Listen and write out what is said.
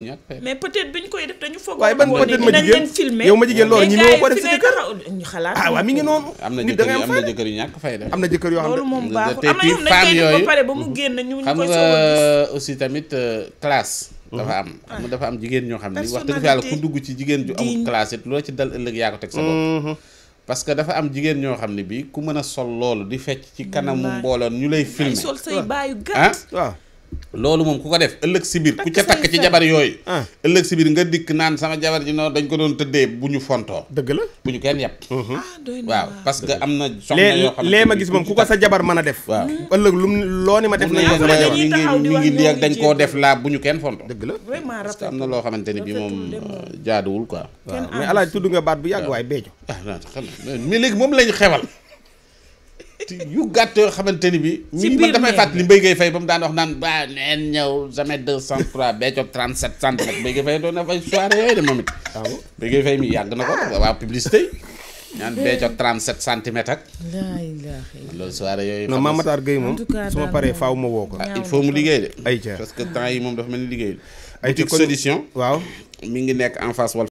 mais peut-être bi koy def dañu foog. waaye ban peut-être ma jigéen yow ma jigéen loolu ñi ñoo ko def ah, mi ngi noonu. nit da ngay am na jëkkër yu ñàkk fay def. am na jëkkër yoo xam ne moom baaxul am na yoo xam ne ba pare ba ñu ñu koy aussi tamit euh, classe. dafa am ah. xam dafa am jigéen ñoo xam ni wax dëgg fa yàlla ku dugg ci jigéen ju amul classe it loo ci dal ëllëg yaa ko teg sa bopp. Mm-hmm. parce que dafa am jigéen ñoo xam ne bi ku mën a sol loolu di fecc ci kanamu mbooloo ñu lay filmer sol say ah. loolu moom ku ko def ëllëg si biir ku ca takk ci jabar yooyu ah. ëllëg si biir nga dikk naan sama jabar ji noonu dañ ko doon tëddee bu ñu fontoo dëgg la bu ñu kenn yàpp mhm. ah, waaw parce que am na soxna yoo lee ma gis moom ku ko sa jabar mën a def lu loo ni ma def nañ mi ngi mi ngi koo def laa bu ñu kenn fontoo dëgg la parce que am na loo xamante ni bi moom euh, jaaduwul quoi waaw mais alaaj tudd nga baat bu yàgg waay beejo mi léegi moom lañ xewal yu gàtt yoo xamante ni bi mi man damay fàttali Mbaye Gueye Faye ba mu daan wax naan ba neen ñëw jamais deux cent trois bécco trente sept centimètres Mbaye Gueye na fay soirée yooyu de moom it waaw ah Mbaye Gueye Faye yàgg na ko ah. waaw publicité ñaan bécco trente sept ak loolu soirée moom su ma paree faaw ma woo ko ah, il mu liggéey de parce que temps yi moom dafa mel ni liggéey ay boutique solution waaw mi ngi nekk en face wal